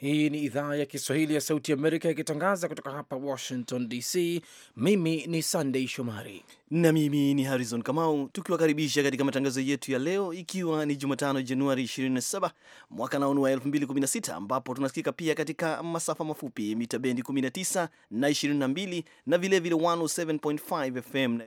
Hii ni idhaa ya Kiswahili ya Sauti Amerika ikitangaza kutoka hapa Washington DC. Mimi ni Sandei Shomari na mimi ni Harrison Kamau, tukiwakaribisha katika matangazo yetu ya leo, ikiwa ni Jumatano Januari 27 mwaka naunu wa 2016, ambapo tunasikika pia katika masafa mafupi mita bendi 19 na 22 na vilevile 107.5 FM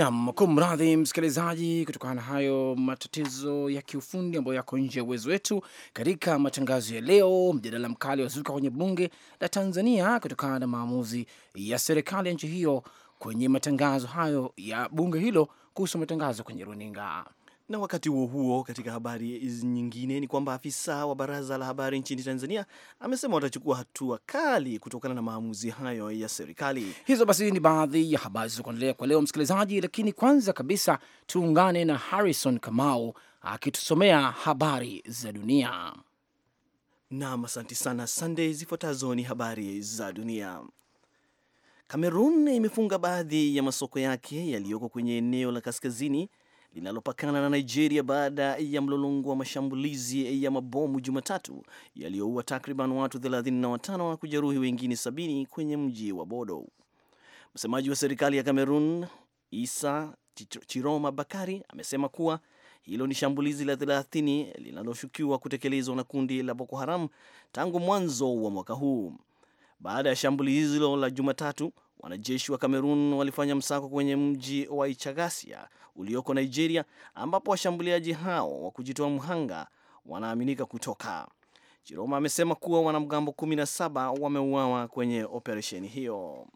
Naam, kumradhi msikilizaji, kutokana na hayo matatizo ya kiufundi ambayo yako nje ya uwezo wetu. Katika matangazo ya leo, mjadala mkali wazuka kwenye bunge la Tanzania kutokana na maamuzi ya serikali ya nchi hiyo kwenye matangazo hayo ya bunge hilo kuhusu matangazo kwenye runinga. Na wakati huo huo, katika habari nyingine ni kwamba afisa wa baraza la habari nchini Tanzania amesema watachukua hatua kali kutokana na maamuzi hayo ya serikali. Hizo basi ni baadhi ya habari zilizokuendelea kwa leo, msikilizaji, lakini kwanza kabisa tuungane na Harrison Kamau akitusomea habari za dunia. Nam, asante sana Sande. Zifuatazo ni habari za dunia. Kamerun imefunga baadhi ya masoko yake yaliyoko kwenye eneo la kaskazini linalopakana na Nigeria baada ya mlolongo wa mashambulizi ya mabomu Jumatatu yaliyoua takriban watu 35 na kujeruhi wengine sabini kwenye mji wa Bodo. Msemaji wa serikali ya Cameroon Isa Chiroma Bakari amesema kuwa hilo ni shambulizi la 30 linaloshukiwa kutekelezwa na kundi la Boko Haram tangu mwanzo wa mwaka huu. Baada ya shambulizi hilo la Jumatatu, wanajeshi wa Kamerun walifanya msako kwenye mji wa Ichagasia ulioko Nigeria, ambapo washambuliaji hao wa kujitoa mhanga wanaaminika kutoka. Chiroma amesema kuwa wanamgambo 17 wameuawa kwenye operesheni hiyo.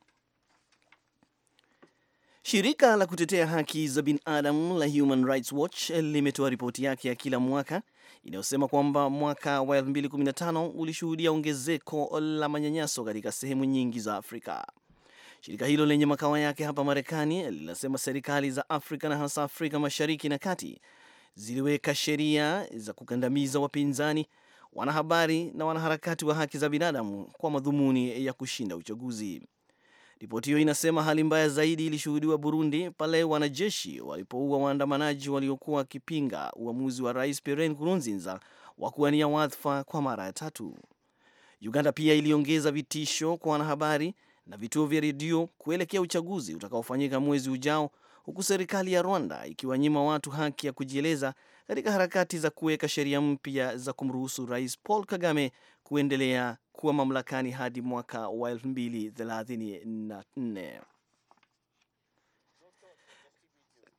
Shirika la kutetea haki za binadamu la Human Rights Watch limetoa ripoti yake ya kila mwaka inayosema kwamba mwaka wa 2015 ulishuhudia ongezeko la manyanyaso katika sehemu nyingi za Afrika. Shirika hilo lenye makao yake hapa Marekani linasema serikali za Afrika na hasa Afrika Mashariki na Kati ziliweka sheria za kukandamiza wapinzani, wanahabari na wanaharakati wa haki za binadamu kwa madhumuni ya kushinda uchaguzi. Ripoti hiyo inasema hali mbaya zaidi ilishuhudiwa Burundi pale wanajeshi walipoua waandamanaji waliokuwa wakipinga uamuzi wa Rais Pierre Nkurunziza wa kuwania wadhifa kwa mara ya tatu. Uganda pia iliongeza vitisho kwa wanahabari na vituo vya redio kuelekea uchaguzi utakaofanyika mwezi ujao, huku serikali ya Rwanda ikiwanyima watu haki ya kujieleza katika harakati za kuweka sheria mpya za kumruhusu Rais Paul Kagame kuendelea kuwa mamlakani hadi mwaka wa 2034.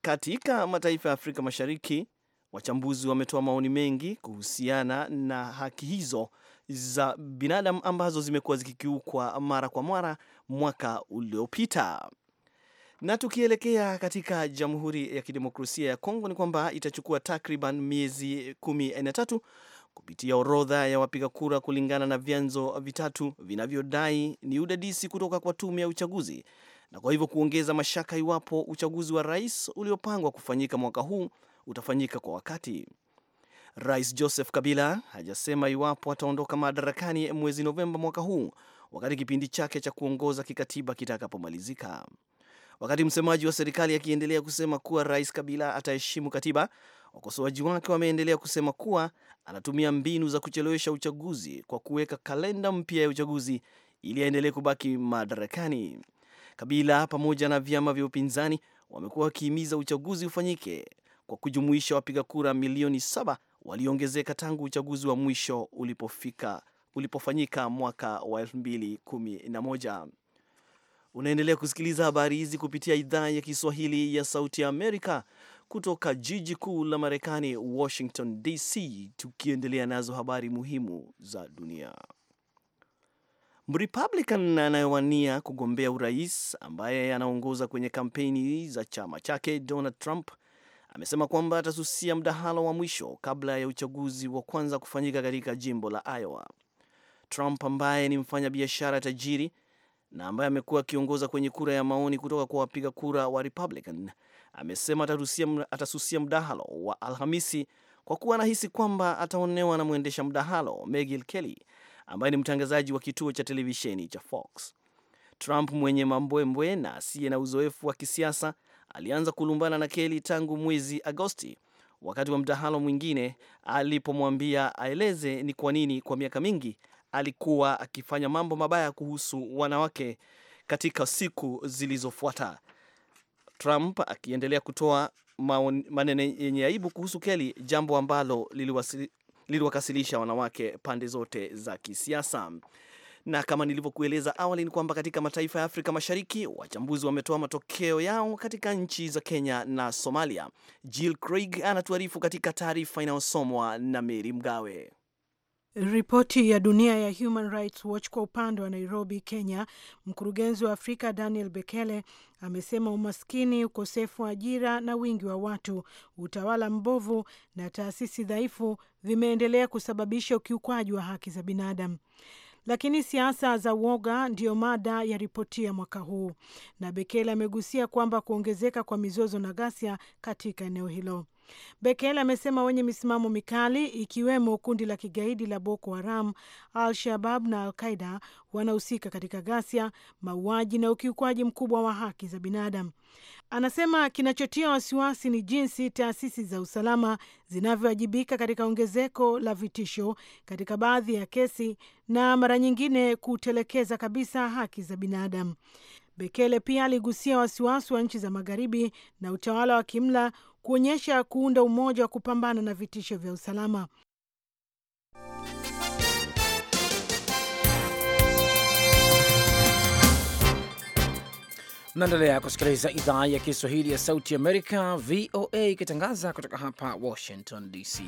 Katika mataifa ya Afrika Mashariki, wachambuzi wametoa maoni mengi kuhusiana na haki hizo za binadamu ambazo zimekuwa zikikiukwa mara kwa mara mwaka uliopita. Na tukielekea katika Jamhuri ya Kidemokrasia ya Kongo ni kwamba itachukua takriban miezi kumi na tatu kupitia orodha ya wapiga kura kulingana na vyanzo vitatu vinavyodai ni udadisi kutoka kwa tume ya uchaguzi, na kwa hivyo kuongeza mashaka iwapo uchaguzi wa rais uliopangwa kufanyika mwaka huu utafanyika kwa wakati. Rais Joseph Kabila hajasema iwapo ataondoka madarakani mwezi Novemba mwaka huu wakati kipindi chake cha kuongoza kikatiba kitakapomalizika. Wakati msemaji wa serikali akiendelea kusema kuwa Rais Kabila ataheshimu katiba, wakosoaji wake wameendelea kusema kuwa anatumia mbinu za kuchelewesha uchaguzi kwa kuweka kalenda mpya ya uchaguzi ili aendelee kubaki madarakani. Kabila pamoja na vyama vya upinzani wamekuwa wakihimiza uchaguzi ufanyike kwa kujumuisha wapiga kura milioni saba walioongezeka tangu uchaguzi wa mwisho ulipofika ulipofanyika mwaka wa 2011. Unaendelea kusikiliza habari hizi kupitia idhaa ya Kiswahili ya Sauti ya Amerika kutoka jiji kuu la Marekani, Washington DC, tukiendelea nazo habari muhimu za dunia. Mrepublican anayewania kugombea urais ambaye anaongoza kwenye kampeni za chama chake Donald Trump amesema kwamba atasusia mdahalo wa mwisho kabla ya uchaguzi wa kwanza kufanyika katika jimbo la Iowa. Trump ambaye ni mfanyabiashara tajiri na ambaye amekuwa akiongoza kwenye kura ya maoni kutoka kwa wapiga kura wa Republican amesema atasusia, atasusia mdahalo wa Alhamisi kwa kuwa anahisi kwamba ataonewa na mwendesha mdahalo Megil Kelly ambaye ni mtangazaji wa kituo cha televisheni cha Fox. Trump mwenye mambwembwe na asiye na uzoefu wa kisiasa alianza kulumbana na Kelly tangu mwezi Agosti wakati wa mdahalo mwingine alipomwambia aeleze ni kwa nini kwa miaka mingi alikuwa akifanya mambo mabaya kuhusu wanawake katika siku zilizofuata, Trump akiendelea kutoa maneno yenye aibu kuhusu Kelly, jambo ambalo liliwakasilisha wanawake pande zote za kisiasa. Na kama nilivyokueleza awali, ni kwamba katika mataifa ya Afrika Mashariki wachambuzi wametoa matokeo yao katika nchi za Kenya na Somalia. Jill Craig anatuarifu katika taarifa inayosomwa na Meri Mgawe. Ripoti ya dunia ya Human Rights Watch kwa upande wa Nairobi, Kenya, mkurugenzi wa Afrika Daniel Bekele amesema umaskini, ukosefu wa ajira na wingi wa watu, utawala mbovu na taasisi dhaifu vimeendelea kusababisha ukiukwaji wa haki za binadamu. Lakini siasa za uoga ndiyo mada ya ripoti ya mwaka huu, na Bekele amegusia kwamba kuongezeka kwa mizozo na ghasia katika eneo hilo. Bekele amesema wenye misimamo mikali ikiwemo kundi la kigaidi la Boko Haram, Al-Shabab na Al-Qaida wanahusika katika ghasia, mauaji na ukiukwaji mkubwa wa haki za binadamu. Anasema kinachotia wasiwasi ni jinsi taasisi za usalama zinavyowajibika katika ongezeko la vitisho katika baadhi ya kesi na mara nyingine kutelekeza kabisa haki za binadamu. Bekele pia aligusia wasiwasi wa nchi za magharibi na utawala wa kimla kuonyesha kuunda umoja wa kupambana na vitisho vya usalama. Naendelea kusikiliza idhaa ya Kiswahili ya Sauti Amerika, VOA, ikitangaza kutoka hapa Washington DC.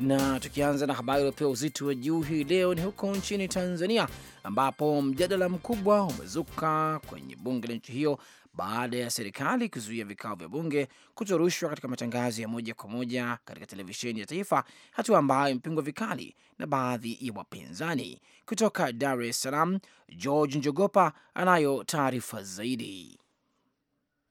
Na tukianza na habari iliopewa uzito wa juu hii leo, ni huko nchini Tanzania ambapo mjadala mkubwa umezuka kwenye bunge la nchi hiyo baada ya serikali kuzuia vikao vya bunge kutorushwa katika matangazo ya moja kwa moja katika televisheni ya taifa, hatua ambayo imepingwa vikali na baadhi ya wapinzani. Kutoka Dar es Salaam, George Njogopa anayo taarifa zaidi.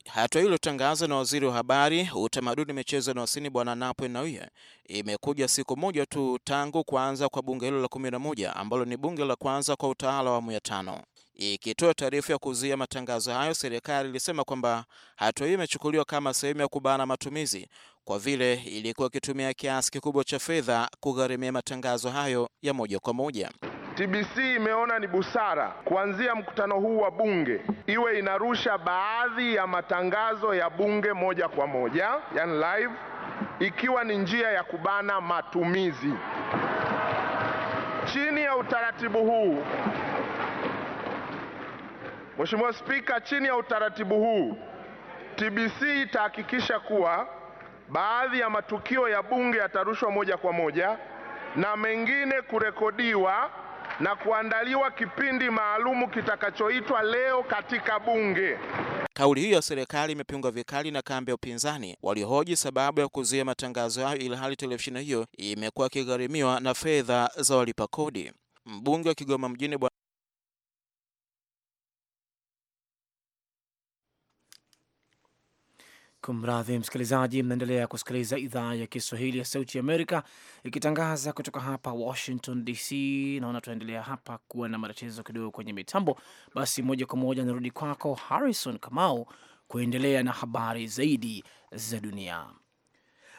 Hatua hiyo iliyotangazwa na waziri wa habari, utamaduni, michezo na wasini Bwana Napwe Nnauye imekuja siku moja tu tangu kuanza kwa bunge hilo la kumi na moja ambalo ni bunge la kwanza kwa utawala wa awamu ya tano. Ikitoa taarifa ya kuzuia matangazo hayo, serikali ilisema kwamba hatua hiyo imechukuliwa kama sehemu ya kubana matumizi kwa vile ilikuwa ikitumia kiasi kikubwa cha fedha kugharimia matangazo hayo ya moja kwa moja. TBC imeona ni busara kuanzia mkutano huu wa bunge iwe inarusha baadhi ya matangazo ya bunge moja kwa moja, yani live, ikiwa ni njia ya kubana matumizi. Chini ya utaratibu huu Mheshimiwa Spika, chini ya utaratibu huu TBC itahakikisha kuwa baadhi ya matukio ya bunge yatarushwa moja kwa moja na mengine kurekodiwa na kuandaliwa kipindi maalumu kitakachoitwa leo katika bunge. Kauli hiyo ya serikali imepingwa vikali na kambi ya upinzani waliohoji sababu ya kuzuia matangazo hayo ilhali televisheni hiyo imekuwa ikigharimiwa na fedha za walipa kodi. Mbunge wa Kigoma mjini Kumradhi msikilizaji, mnaendelea kusikiliza idhaa ya Kiswahili ya Sauti ya Amerika ikitangaza kutoka hapa Washington DC. Naona tunaendelea hapa kuwa na matatizo kidogo kwenye mitambo. Basi moja kwa moja narudi kwako Harrison Kamau kuendelea na habari zaidi za dunia.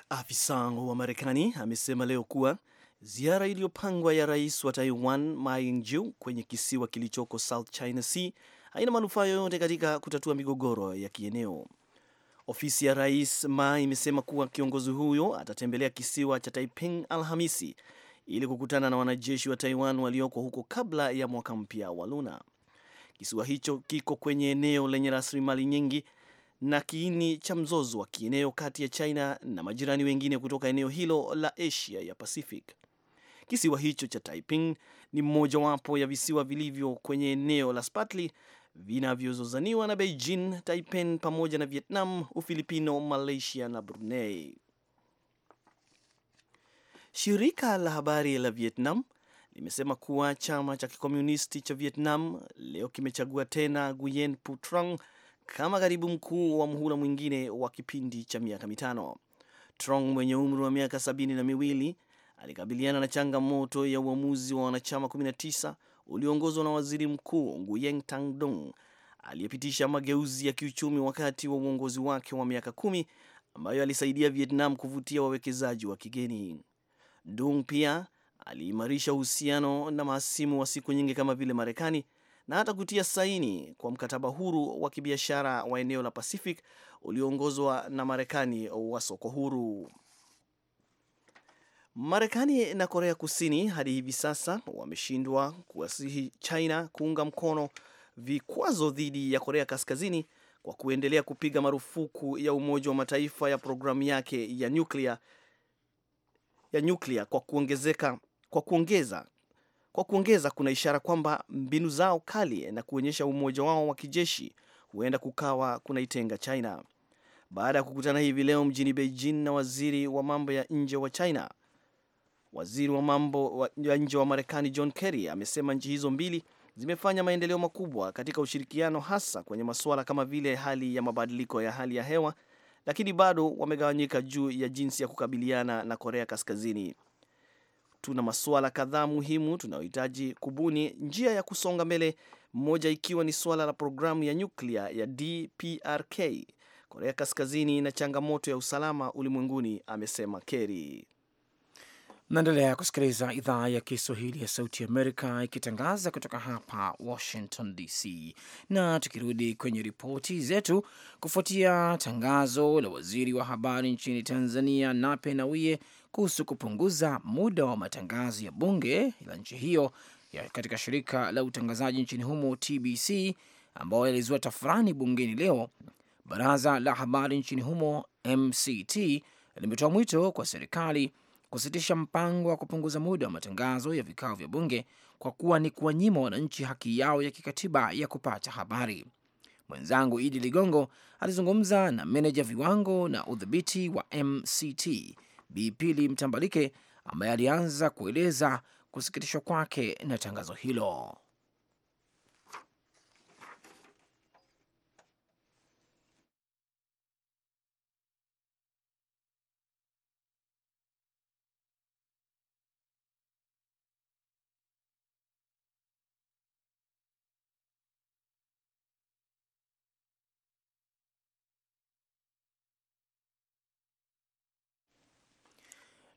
Afisa wa Marekani amesema leo kuwa ziara iliyopangwa ya rais wa Taiwan Ma Ying-jeou kwenye kisiwa kilichoko South China Sea haina manufaa yoyote katika kutatua migogoro ya kieneo. Ofisi ya Rais Ma imesema kuwa kiongozi huyo atatembelea kisiwa cha Taiping Alhamisi ili kukutana na wanajeshi wa Taiwan walioko huko kabla ya mwaka mpya wa Luna. Kisiwa hicho kiko kwenye eneo lenye rasilimali nyingi na kiini cha mzozo wa kieneo kati ya China na majirani wengine kutoka eneo hilo la Asia ya Pacific. Kisiwa hicho cha Taiping ni mmojawapo ya visiwa vilivyo kwenye eneo la Spratly vinavyozozaniwa na Beijing, Taipei pamoja na Vietnam, Ufilipino, Malaysia na Brunei. Shirika la habari la Vietnam limesema kuwa chama cha kikomunisti cha Vietnam leo kimechagua tena Nguyen Phu Trong kama katibu mkuu wa muhula mwingine wa kipindi cha miaka mitano. Trong mwenye umri wa miaka sabini na miwili alikabiliana na changamoto ya uamuzi wa wanachama 19 ulioongozwa na waziri mkuu Nguyeng Tangdong aliyepitisha mageuzi ya kiuchumi wakati wa uongozi wake wa miaka kumi ambayo alisaidia Vietnam kuvutia wawekezaji wa kigeni. Dung pia aliimarisha uhusiano na mahasimu wa siku nyingi kama vile Marekani na hata kutia saini kwa mkataba huru wa kibiashara wa eneo la Pacific ulioongozwa na Marekani wa soko huru. Marekani na Korea Kusini hadi hivi sasa wameshindwa kuwasihi China kuunga mkono vikwazo dhidi ya Korea Kaskazini kwa kuendelea kupiga marufuku ya Umoja wa Mataifa ya programu yake ya nyuklia ya nyuklia kwa kuongezeka kwa kuongeza kwa kuongeza kuna ishara kwamba mbinu zao kali na kuonyesha umoja wao wa kijeshi huenda kukawa kunaitenga China. Baada ya kukutana hivi leo mjini Beijing na waziri wa mambo ya nje wa China, Waziri wa mambo ya nje wa Marekani John Kerry amesema nchi hizo mbili zimefanya maendeleo makubwa katika ushirikiano, hasa kwenye masuala kama vile hali ya mabadiliko ya hali ya hewa, lakini bado wamegawanyika juu ya jinsi ya kukabiliana na Korea Kaskazini. Tuna masuala kadhaa muhimu tunayohitaji kubuni njia ya kusonga mbele, mmoja ikiwa ni suala la programu ya nyuklia ya DPRK. Korea Kaskazini na changamoto ya usalama ulimwenguni, amesema Kerry. Naendelea kusikiliza idhaa ya Kiswahili ya Sauti Amerika ikitangaza kutoka hapa Washington DC. Na tukirudi kwenye ripoti zetu, kufuatia tangazo la waziri wa habari nchini Tanzania Nape Nnauye kuhusu kupunguza muda wa matangazo ya bunge la nchi hiyo katika shirika la utangazaji nchini humo TBC, ambao yalizua tafurani bungeni leo, baraza la habari nchini humo MCT limetoa mwito kwa serikali kusitisha mpango wa kupunguza muda wa matangazo ya vikao vya bunge kwa kuwa ni kuwanyima wananchi haki yao ya kikatiba ya kupata habari. Mwenzangu Idi Ligongo alizungumza na meneja viwango na udhibiti wa MCT Bi Pili Mtambalike ambaye alianza kueleza kusikitishwa kwake na tangazo hilo.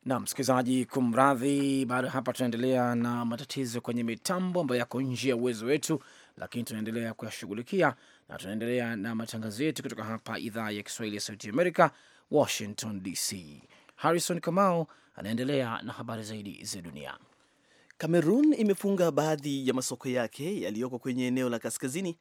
na msikilizaji, kumradhi. Baada ya hapa, tunaendelea na matatizo kwenye mitambo ambayo yako nje ya uwezo wetu, lakini tunaendelea kuyashughulikia na tunaendelea na matangazo yetu kutoka hapa idhaa ya Kiswahili ya Sauti Amerika, Washington DC. Harrison Kamau anaendelea na habari zaidi za dunia. Kamerun imefunga baadhi ya masoko yake yaliyoko kwenye eneo la kaskazini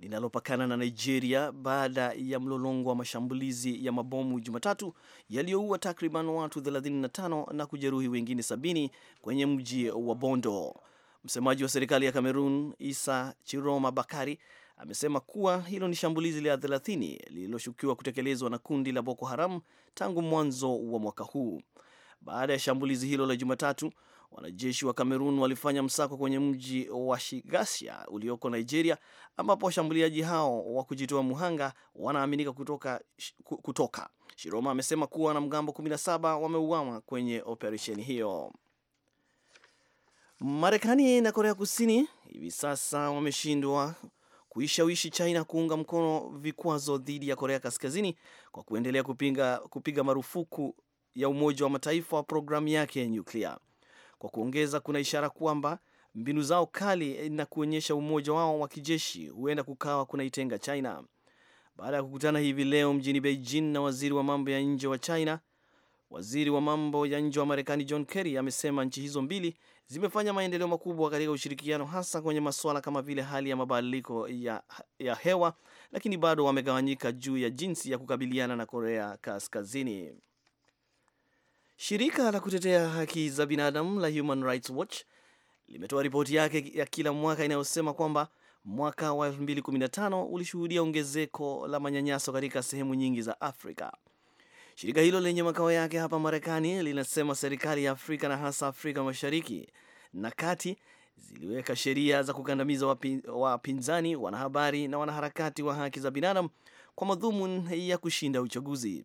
linalopakana na Nigeria baada ya mlolongo wa mashambulizi ya mabomu Jumatatu yaliyoua takriban watu 35 na kujeruhi wengine 70 kwenye mji wa Bondo. Msemaji wa serikali ya Cameroon Isa Chiroma Bakari amesema kuwa hilo ni shambulizi la 30 lililoshukiwa kutekelezwa na kundi la Boko Haram tangu mwanzo wa mwaka huu. Baada ya shambulizi hilo la Jumatatu, Wanajeshi wa Kamerun walifanya msako kwenye mji wa Shigasia ulioko Nigeria, ambapo washambuliaji hao wa kujitoa muhanga wanaaminika kutoka, kutoka. Shiroma amesema kuwa wanamgambo 17 wameuawa kwenye operesheni hiyo. Marekani na Korea Kusini hivi sasa wameshindwa kuishawishi China kuunga mkono vikwazo dhidi ya Korea Kaskazini kwa kuendelea kupinga, kupiga marufuku ya Umoja wa Mataifa wa programu yake ya nyuklia. Kwa kuongeza, kuna ishara kwamba mbinu zao kali na kuonyesha umoja wao wa kijeshi huenda kukawa kunaitenga China. Baada ya kukutana hivi leo mjini Beijing na waziri wa mambo ya nje wa China, waziri wa mambo ya nje wa Marekani John Kerry amesema nchi hizo mbili zimefanya maendeleo makubwa katika ushirikiano, hasa kwenye masuala kama vile hali ya mabadiliko ya, ya hewa, lakini bado wamegawanyika juu ya jinsi ya kukabiliana na Korea Kaskazini. Shirika la kutetea haki za binadamu la Human Rights Watch limetoa ripoti yake ya kila mwaka inayosema kwamba mwaka wa 2015 ulishuhudia ongezeko la manyanyaso katika sehemu nyingi za Afrika. Shirika hilo lenye makao yake hapa Marekani linasema serikali ya Afrika na hasa Afrika Mashariki na Kati ziliweka sheria za kukandamiza wapinzani, wanahabari na wanaharakati wa haki za binadamu kwa madhumuni ya kushinda uchaguzi.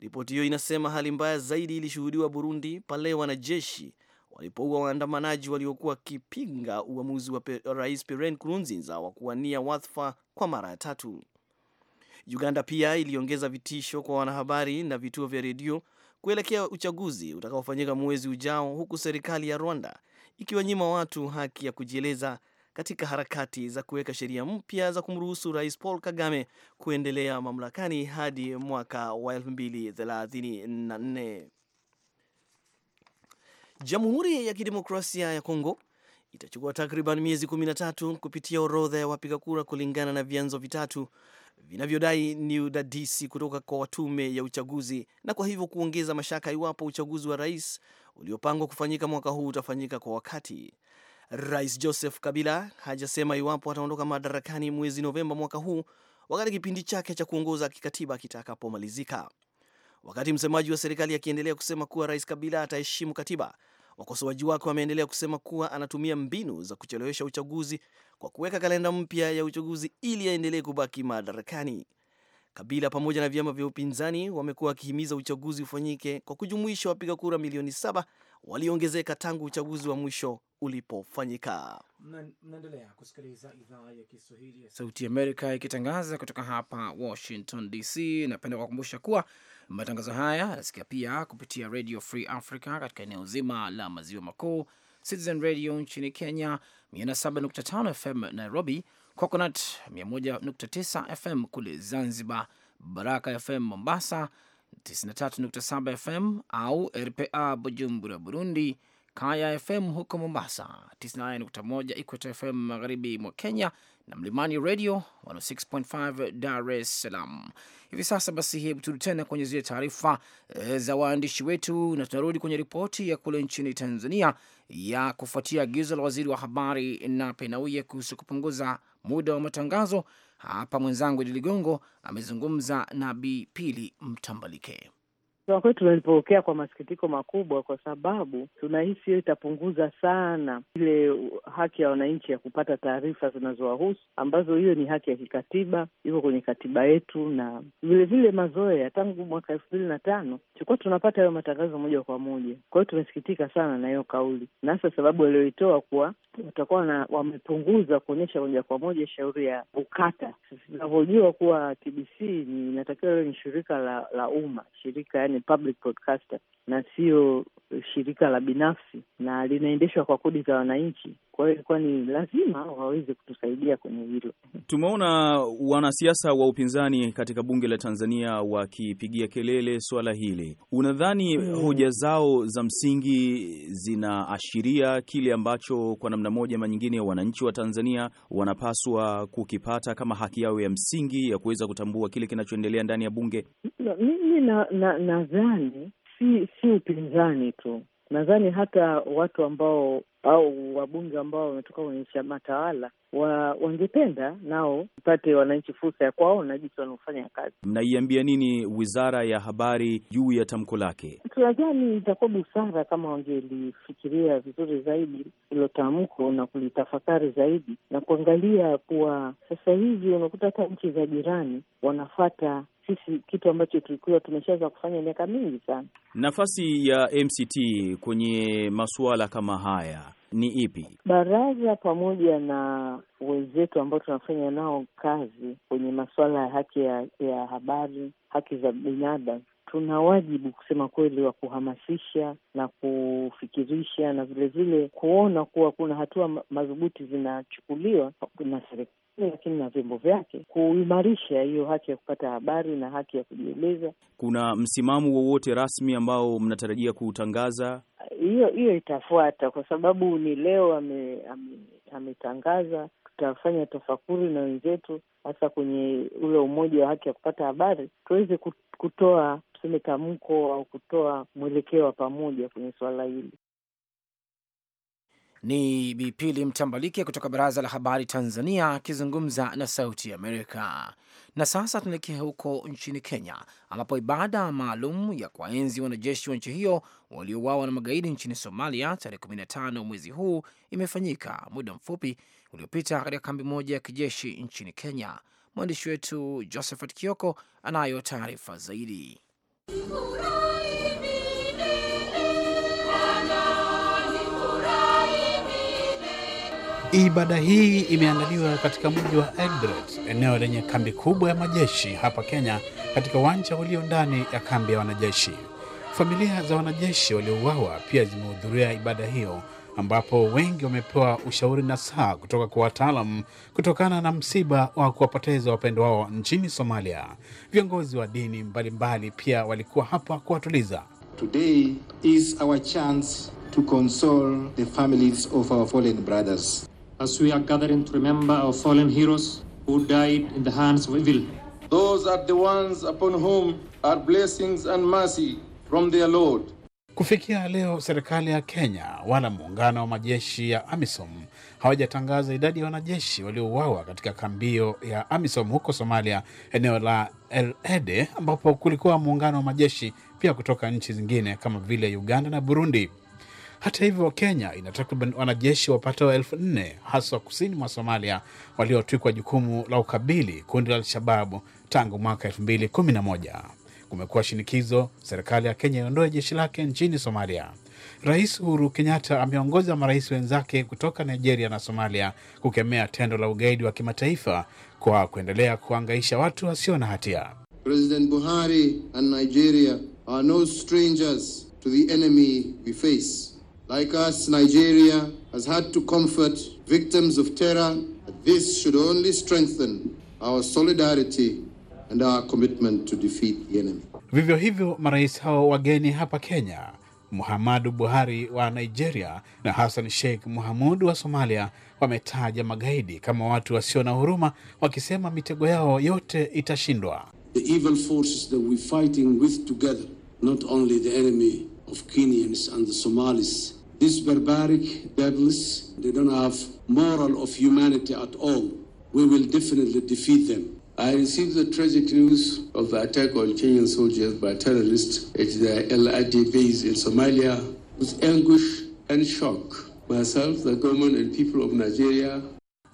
Ripoti hiyo inasema hali mbaya zaidi ilishuhudiwa Burundi pale wanajeshi walipoua waandamanaji waliokuwa wakipinga uamuzi wa Rais Pierre Nkurunziza wa kuwania wadhifa kwa mara ya tatu. Uganda pia iliongeza vitisho kwa wanahabari na vituo vya redio kuelekea uchaguzi utakaofanyika mwezi ujao, huku serikali ya Rwanda ikiwanyima watu haki ya kujieleza katika harakati za kuweka sheria mpya za kumruhusu Rais Paul Kagame kuendelea mamlakani hadi mwaka wa 2034. Jamhuri ya Kidemokrasia ya Kongo itachukua takriban miezi 13 kupitia orodha ya wapiga kura kulingana na vyanzo vitatu vinavyodai ni udadisi kutoka kwa tume ya uchaguzi na kwa hivyo kuongeza mashaka iwapo uchaguzi wa rais uliopangwa kufanyika mwaka huu utafanyika kwa wakati. Rais Joseph Kabila hajasema iwapo ataondoka madarakani mwezi Novemba mwaka huu wakati kipindi chake cha kuongoza kikatiba kitakapomalizika. Wakati msemaji wa serikali akiendelea kusema kuwa Rais Kabila ataheshimu katiba, wakosoaji wake wameendelea kusema kuwa anatumia mbinu za kuchelewesha uchaguzi kwa kuweka kalenda mpya ya uchaguzi ili aendelee kubaki madarakani. Kabila pamoja na vyama vya upinzani wamekuwa wakihimiza uchaguzi ufanyike kwa kujumuisha wapiga kura milioni saba waliongezeka tangu uchaguzi wa mwisho ulipofanyika. Mnaendelea kusikiliza idhaa ya Kiswahili ya Sauti Amerika ikitangaza kutoka hapa Washington DC. Napenda kuwakumbusha kuwa matangazo haya yanasikia pia kupitia Radio Free Africa katika eneo zima la maziwa makuu, Citizen Radio nchini Kenya 107.5 FM Nairobi, Coconut 101.9 FM kule Zanzibar, Baraka FM Mombasa 93.7 FM au RPA Bujumbura, Burundi, Kaya FM huko Mombasa, 98.1 Equator FM magharibi mwa Kenya na Mlimani Radio 106.5 Dar es Salaam. Hivi sasa basi, hebu turudi tena kwenye zile taarifa e, za waandishi wetu, na tunarudi kwenye ripoti ya kule nchini Tanzania ya kufuatia agizo la waziri wa habari na Nnauye kuhusu kupunguza muda wa matangazo hapa mwenzangu Idi Ligongo amezungumza na Bi Pili Mtambalike. Kwa kweli tunalipokea kwa masikitiko makubwa, kwa sababu tunahisi hiyo itapunguza sana ile haki ya wananchi ya kupata taarifa zinazowahusu, ambazo hiyo ni haki ya kikatiba, iko kwenye katiba yetu. Na vilevile mazoea, tangu mwaka elfu mbili na tano tulikuwa tunapata hayo matangazo moja kwa moja. Kwa hiyo tumesikitika sana na hiyo kauli, na hasa sababu walioitoa kuwa watakuwa wamepunguza kuonyesha moja kwa moja shauri ya ukata. Tunavyojua kuwa TBC inatakiwa ni shirika la, la umma shirika yani ni public broadcaster na sio shirika la binafsi na linaendeshwa kwa kodi za wananchi. Kwa hiyo ilikuwa ni lazima waweze kutusaidia kwenye hilo. Tumeona wanasiasa wa upinzani katika bunge la Tanzania wakipigia kelele swala hili. Unadhani hmm, hoja zao za msingi zinaashiria kile ambacho kwa namna moja ama nyingine wananchi wa Tanzania wanapaswa kukipata kama haki yao ya msingi ya kuweza kutambua kile kinachoendelea ndani ya bunge? Mimi nadhani na, na, si si upinzani tu, nadhani hata watu ambao au wabunge ambao wametoka kwenye chama tawala wa, wangependa nao mpate wananchi fursa ya kuwaona jinsi wanaofanya kazi. Mnaiambia nini wizara ya habari juu ya tamko lake? Tunajani itakuwa busara kama wangelifikiria vizuri zaidi hilo tamko na kulitafakari zaidi na kuangalia kuwa sasa hivi unakuta hata nchi za jirani wanafata sisi kitu ambacho tulikuwa tumeshaweza kufanya miaka mingi sana. Nafasi ya MCT kwenye masuala kama haya ni ipi? Baraza pamoja na wenzetu ambao tunafanya nao kazi kwenye masuala ya haki ya, ya habari, haki za binadamu tuna wajibu kusema kweli wa kuhamasisha na kufikirisha na vilevile kuona kuwa kuna hatua madhubuti zinachukuliwa na serikali Eh, lakini na vyombo vyake kuimarisha hiyo haki ya kupata habari na haki ya kujieleza. Kuna msimamo wowote rasmi ambao mnatarajia kuutangaza? Hiyo hiyo itafuata, kwa sababu ni leo ametangaza, ame, ame tutafanya tafakuri na wenzetu hasa kwenye ule umoja wa haki ya kupata habari, tuweze kutoa tuseme tamko au kutoa mwelekeo wa pamoja kwenye suala hili. Ni Bipili Mtambalike kutoka Baraza la Habari Tanzania akizungumza na Sauti Amerika. Na sasa tunaelekea huko nchini Kenya, ambapo ibada maalum ya kuwaenzi wanajeshi wa nchi hiyo waliouawa na magaidi nchini Somalia tarehe 15 mwezi huu imefanyika muda mfupi uliopita katika kambi moja ya kijeshi nchini Kenya. Mwandishi wetu Josephat Kioko anayo taarifa zaidi. Ibada hii imeandaliwa katika mji wa Eldoret, eneo lenye kambi kubwa ya majeshi hapa Kenya, katika uwanja ulio ndani ya kambi ya wanajeshi. Familia za wanajeshi waliouawa pia zimehudhuria ibada hiyo, ambapo wengi wamepewa ushauri na saa kutoka kwa wataalam kutokana na msiba wa kuwapoteza wapendwa wao nchini Somalia. Viongozi wa dini mbalimbali mbali pia walikuwa hapa kuwatuliza. Today is our chance to console the families of our fallen brothers as we are gathering to remember our fallen heroes who died in the hands of evil. Those are the ones upon whom are blessings and mercy from their Lord. Kufikia leo serikali ya Kenya wala muungano wa majeshi ya AMISOM hawajatangaza idadi ya wanajeshi waliouawa katika kambio ya AMISOM huko Somalia, eneo la El Ede, ambapo kulikuwa muungano wa majeshi pia kutoka nchi zingine kama vile Uganda na Burundi. Hata hivyo, Kenya ina takriban wanajeshi wapatao elfu nne haswa kusini mwa Somalia waliotwikwa jukumu la ukabili kundi la Alshababu tangu mwaka elfu mbili kumi na moja. Kumekuwa shinikizo serikali ya Kenya iondoe jeshi lake nchini Somalia. Rais Uhuru Kenyatta ameongoza marais wenzake kutoka Nigeria na Somalia kukemea tendo la ugaidi wa kimataifa kwa kuendelea kuangaisha watu wasio na hatia. President Buhari and Nigeria are no strangers to the enemy we face like us, Nigeria has had to comfort victims of terror. This should only strengthen our solidarity and our commitment to defeat the enemy. Vivyo hivyo marais hao wageni hapa Kenya, Muhammadu Buhari wa Nigeria na Hassan Sheikh Mohamud wa Somalia, wametaja magaidi kama watu wasio na huruma, wakisema mitego yao yote itashindwa. The evil forces that we're fighting with together, not only the enemy of Kenyans and the Somalis These barbaric devils, they don't have moral of humanity at all. We will definitely defeat them. I received the tragic news of the attack on Kenyan soldiers by terrorists at the LRD base in Somalia with anguish and shock. Myself, the government, and people of Nigeria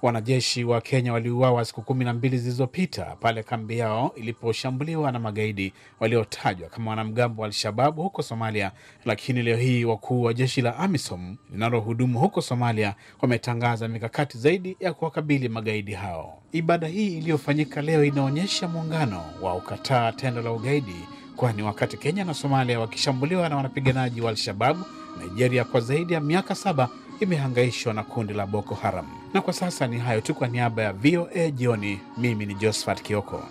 Wanajeshi wa Kenya waliuawa siku kumi na mbili zilizopita pale kambi yao iliposhambuliwa na magaidi waliotajwa kama wanamgambo wa Al-Shababu huko Somalia, lakini leo hii wakuu wa jeshi la AMISOM linalohudumu huko Somalia wametangaza mikakati zaidi ya kuwakabili magaidi hao. Ibada hii iliyofanyika leo inaonyesha muungano wa ukataa tendo la ugaidi, kwani wakati Kenya na Somalia wakishambuliwa na wanapiganaji wa Al-Shababu, Nigeria kwa zaidi ya miaka saba imehangaishwa na kundi la Boko Haram. Na kwa sasa ni hayo tu. Kwa niaba ya VOA Jioni, mimi ni Josephat Kioko.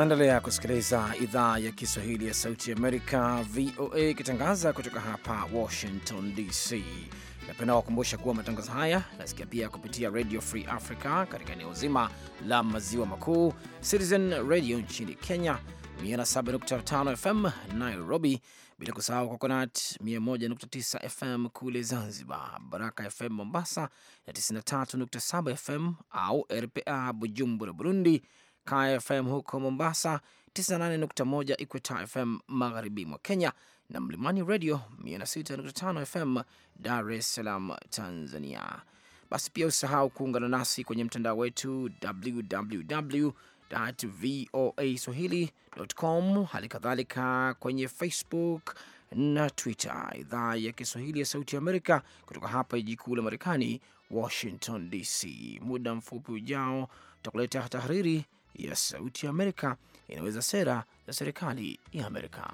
Naendelea kusikiliza idhaa ya Kiswahili ya Sauti ya Amerika, VOA, ikitangaza kutoka hapa Washington DC. Napenda wakumbusha kuwa matangazo haya nasikia pia kupitia Radio Free Africa katika eneo zima la maziwa makuu, Citizen Radio nchini Kenya 107.5 FM Nairobi, bila kusahau Coconut 101.9 FM kule Zanzibar, Baraka FM Mombasa na 93.7 FM au RPA Bujumbura, Burundi Kaya FM huko Mombasa, 98.1 Ikweta FM magharibi mwa Kenya na Mlimani Radio 106.5 FM Dar es Salaam, Tanzania. Basi pia usahau kuungana nasi kwenye mtandao wetu www voa swahili.com, hali kadhalika kwenye Facebook na Twitter, idhaa ya Kiswahili ya Sauti ya Amerika, kutoka hapa jiji kuu la Marekani, Washington DC. Muda mfupi ujao tutakuletea tahariri ya Sauti ya Amerika inaweza sera za serikali ya Amerika.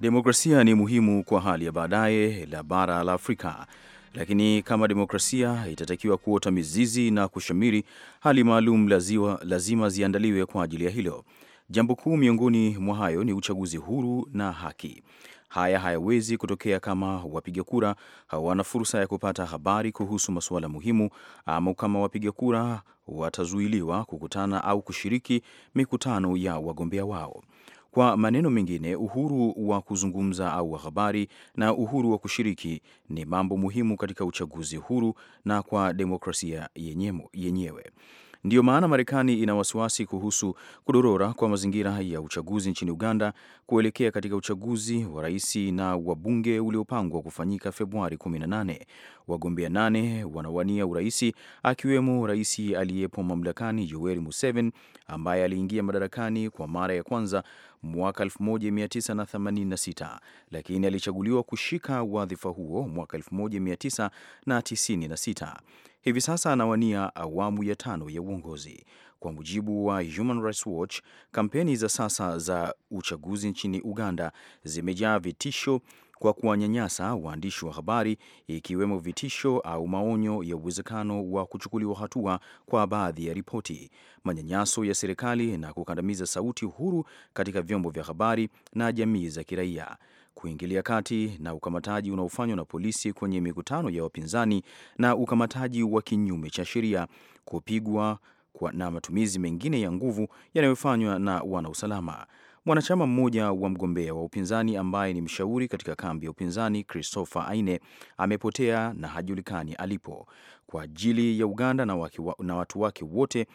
Demokrasia ni muhimu kwa hali ya baadaye la bara la Afrika, lakini kama demokrasia itatakiwa kuota mizizi na kushamiri, hali maalum lazima, lazima ziandaliwe kwa ajili ya hilo. Jambo kuu miongoni mwa hayo ni uchaguzi huru na haki. Haya hayawezi kutokea kama wapiga kura hawana fursa ya kupata habari kuhusu masuala muhimu, ama kama wapiga kura watazuiliwa kukutana au kushiriki mikutano ya wagombea wao. Kwa maneno mengine, uhuru wa kuzungumza au wa habari na uhuru wa kushiriki ni mambo muhimu katika uchaguzi huru na kwa demokrasia yenyewe. Ndiyo maana Marekani ina wasiwasi kuhusu kudorora kwa mazingira ya uchaguzi nchini Uganda kuelekea katika uchaguzi wa rais na wabunge uliopangwa kufanyika Februari 18. Wagombea nane wanawania uraisi, akiwemo rais aliyepo mamlakani Yoweri Museveni ambaye aliingia madarakani kwa mara ya kwanza mwaka 1986 lakini alichaguliwa kushika wadhifa huo mwaka 1996. Hivi sasa anawania awamu ya tano ya uongozi. Kwa mujibu wa Human Rights Watch, kampeni za sasa za uchaguzi nchini Uganda zimejaa vitisho kwa kuwanyanyasa waandishi wa habari, ikiwemo vitisho au maonyo ya uwezekano wa kuchukuliwa hatua kwa baadhi ya ripoti, manyanyaso ya serikali na kukandamiza sauti huru katika vyombo vya habari na jamii za kiraia kuingilia kati na ukamataji unaofanywa na polisi kwenye mikutano ya wapinzani na ukamataji wa kinyume cha sheria, kupigwa na matumizi mengine ya nguvu yanayofanywa na wanausalama. Mwanachama mmoja wa mgombea wa upinzani ambaye ni mshauri katika kambi ya upinzani Christopher Aine amepotea na hajulikani alipo. Kwa ajili ya Uganda na, waki, na watu wake wote,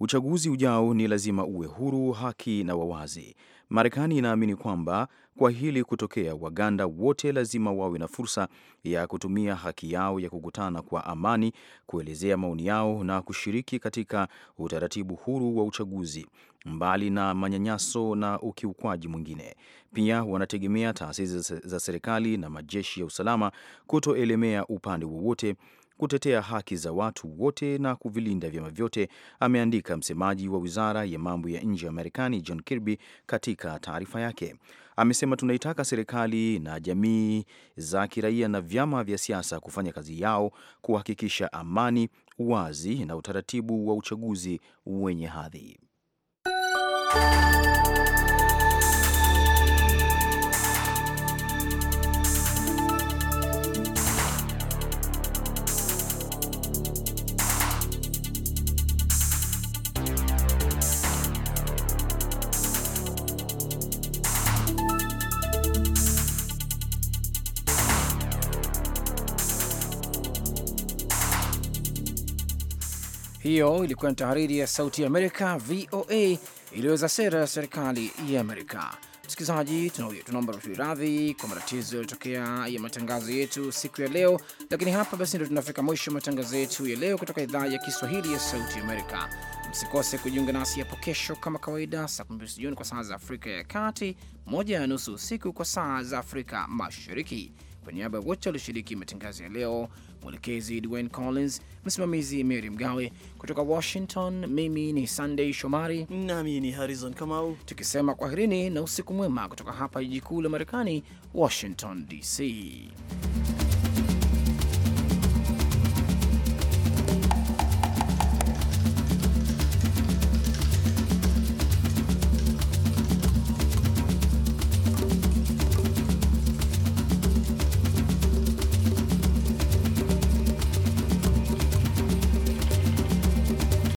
uchaguzi ujao ni lazima uwe huru, haki na wawazi. Marekani inaamini kwamba kwa hili kutokea, Waganda wote lazima wawe na fursa ya kutumia haki yao ya kukutana kwa amani, kuelezea maoni yao na kushiriki katika utaratibu huru wa uchaguzi mbali na manyanyaso na ukiukwaji mwingine. Pia wanategemea taasisi za serikali na majeshi ya usalama kutoelemea upande wowote, kutetea haki za watu wote na kuvilinda vyama vyote, ameandika msemaji wa wizara ya mambo ya nje ya Marekani John Kirby katika taarifa yake. Amesema tunaitaka serikali na jamii za kiraia na vyama vya siasa kufanya kazi yao kuhakikisha amani, uwazi na utaratibu wa uchaguzi wenye hadhi. Hiyo ilikuwa ni tahariri ya Sauti ya Amerika, VOA, iliweza sera ya serikali ya Amerika. Msikilizaji, tunaomba radhi kwa matatizo yaliyotokea ya matangazo yetu siku ya leo, lakini hapa basi ndo tunafika mwisho matangazo yetu ya leo kutoka idhaa ya Kiswahili ya Sauti Amerika. Msikose kujiunga nasi hapo kesho kama kawaida, saa kumi jioni kwa saa za Afrika ya Kati, moja na nusu usiku kwa saa za Afrika Mashariki. Kwa niaba ya wote walioshiriki matangazo ya leo, mwelekezi Dwayne Collins, msimamizi Mary Mgawe kutoka Washington, mimi ni Sunday Shomari nami ni Harrison Kamau, tukisema kwaherini na usiku mwema kutoka hapa jiji kuu la Marekani, Washington DC.